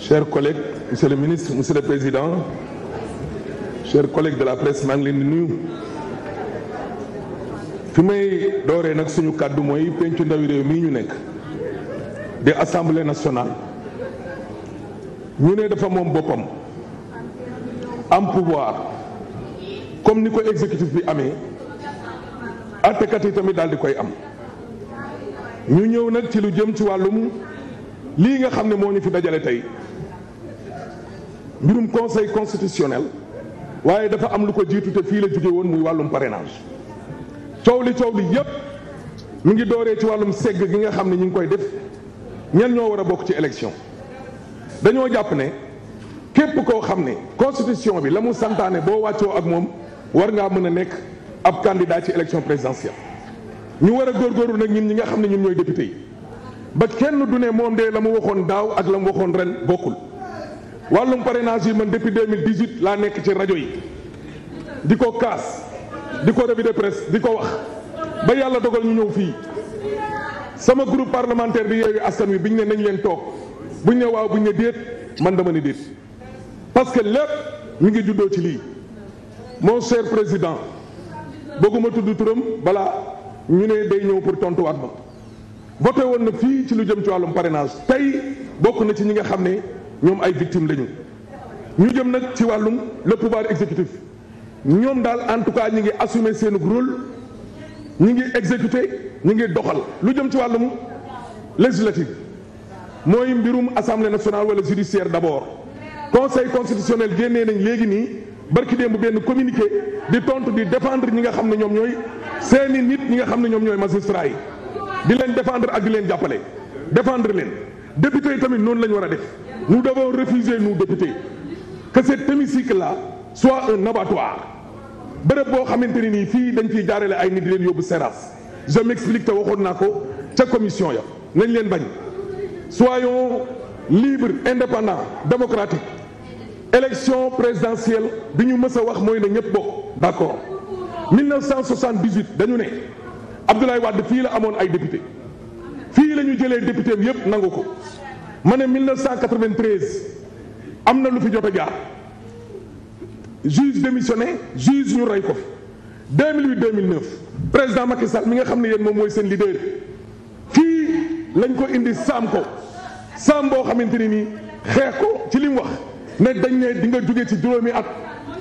chers collègues monsieur le ministre monsieur le président chers collègues de la presse maa ngi leen di nuyu fi may dooree nag suñu kàddu mooy pencu ndawi réew mii ñu nekk di assemblée nationale ñu ne dafa moom boppam am pouvoir comme ni ko exécutif bi amee àttekat yi tamit daal di koy am ñu ñëw nag ci lu jëm ci wàllum lii nga xam ne moo ñu fi dajale tey mbirum conseil constitutionnel waaye dafa am lu ko jiitu te fii la jóge woon muy wàllum parrainage coow li coow li yépp mi ngi dooree ci wàllum segg gi nga xam ne ñu ngi koy def ñan ñoo war a bokk ci élection dañoo jàpp ne képp koo xam ne constitution bi la mu santaane boo wàccoo ak moom war ngaa mën a nekk ab candidat ci élection présidentielle ñu war a góorgóorlu nag ñun ñi nga xam ne ñun ñooy député yi ba kenn du ne moom de la mu waxoon daaw ak la waxoon ren bokkul wàllum parrainage yi man depuis 2018 laa nekk ci rajo yi di ko kaas di ko revue de presse di ko wax ba yàlla dogal ñu ñëw fii sama groupe parlementaire bi Yewwi Askan Wi bi ñu ne nañ leen toog bu ñu ne waaw bu ñu ne déet man dama ni déet parce que lépp mi ngi juddoo ci lii mon cher président bëgguma tudd turam balaa ñu ne day ñëw pour tontuwaat ma voté woon na fii ci lu jëm ci wàllum parrainage tey bokk na ci ñi nga xam ne. ñoom ay victimes lañu ñu jëm nag ci wàllum le baar exécutif ñoom daal en tout cas ñu ngi assumer seen rôle ñu ngi exécuter ñu ngi doxal lu jëm ci wàllum législatif mooy mbirum assemblée nationale wala judiciaire d'abord conseil constitutionnel génnee nañ léegi nii barki démb benn communiqué di tontu di défendre ñi nga xam ne ñoom ñooy seeni nit ñi nga xam ne ñoom ñooy magistrats yi di leen défendre ak di leen jàppale défendre leen député yi tamit noonu la ñu war a def. Nous devons refuser, nous députés, que cet hémicycle-là soit un abattoir. bërëb boo xamante ni nii fii dañ fiy jaarale ay nit leen yóbbu Seras je m'explique te waxoon naa ko ca commission ya nañ leen bañ soyons libres indépendants démocratiques élection présidentielle bi ñu mës a wax mooy ne ñëpp bokk d'accord 1978 dañu ne Abdoulaye Wade fii la amoon ay député fii la ñu jëlee député bi yëpp nangu ko ma ne 1993 am na lu fi jot a jaar juge démissionné juge ñu rey ko fi 2008 2009 président Macky Sall mi nga xam ne yéen moom mooy seen leader fii lañ ko indi saam ko saam boo xamante ni nii xeex ko ci li mu wax ne dañ ne di nga jóge ci juróomi at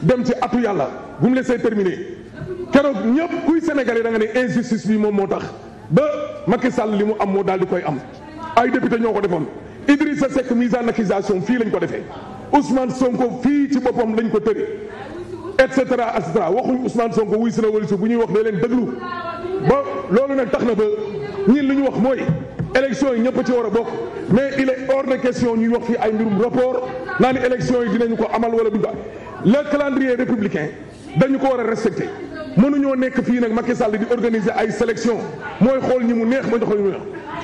dem ci atu yàlla bu mu laissé terminer keroog ñëpp kuy sénégalais da ne injustice bi moom moo tax ba Macky Sall li mu am moo daal di koy am ay député ñoo ko defoon. Idrissa Seck mise en accusation fii lañ ko defee Ousmane Sonko fii ci boppam lañ ko tëri et cetera et cetera waxuñ Ousmane Sonko wuy si na wali si bu ñuy wax ne leen déglu ba loolu nag tax na ba ñin li ñu wax mooy élection yi ñëpp ci war a bokk mais il est hors de question ñuy wax fii ay mbirum rapport naa ni élection yi dinañu ko amal wala duñ ko le calendrier républicain dañu ko war a respecté mënuñoo nekk fii nag Macky Sall di organiser ay sélection mooy xool ñi mu neex ma jox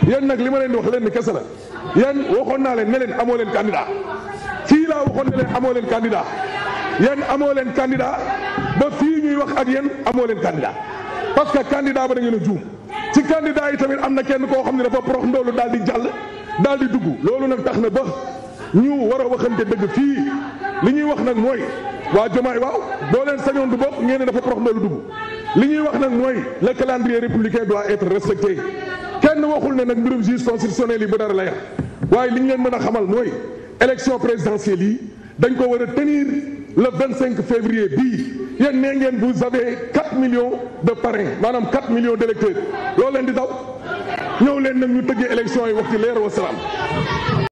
yéen nag li ma leen di wax leen ni kese la yéen waxoon naa leen ne amoo leen candidat fii laa waxoon ne leen amoo leen candidat yéen amoo leen candidat ba fii ñuy wax ak yéen amoo leen candidat parce que candidat ba da ngeen a juum ci candidat yi tamit am na kenn koo xam ne dafa prox ndoolu daal di jàll daal di dugg loolu nag tax na ba ñu war a waxante dëgg fii li ñuy wax nag mooy waa Jomaay waaw boo leen sañoon du bokk ngeen dafa prox ndoolu dugg li ñuy wax nag mooy le calendrier républicain doit être respecté kenn waxul ne nag mbirum juge constitutionnel yi bu dara la yàq waaye li ñu leen mën a xamal mooy élection présidentielle yi dañ ko war a tenir le 25 février bii yéen nee ngeen bu avez 4 millions de parrains maanaam 4 millions d' électeurs loolu leen di daw ñëw leen nag ñu tëggee élection yi waxtu leer wa salaam.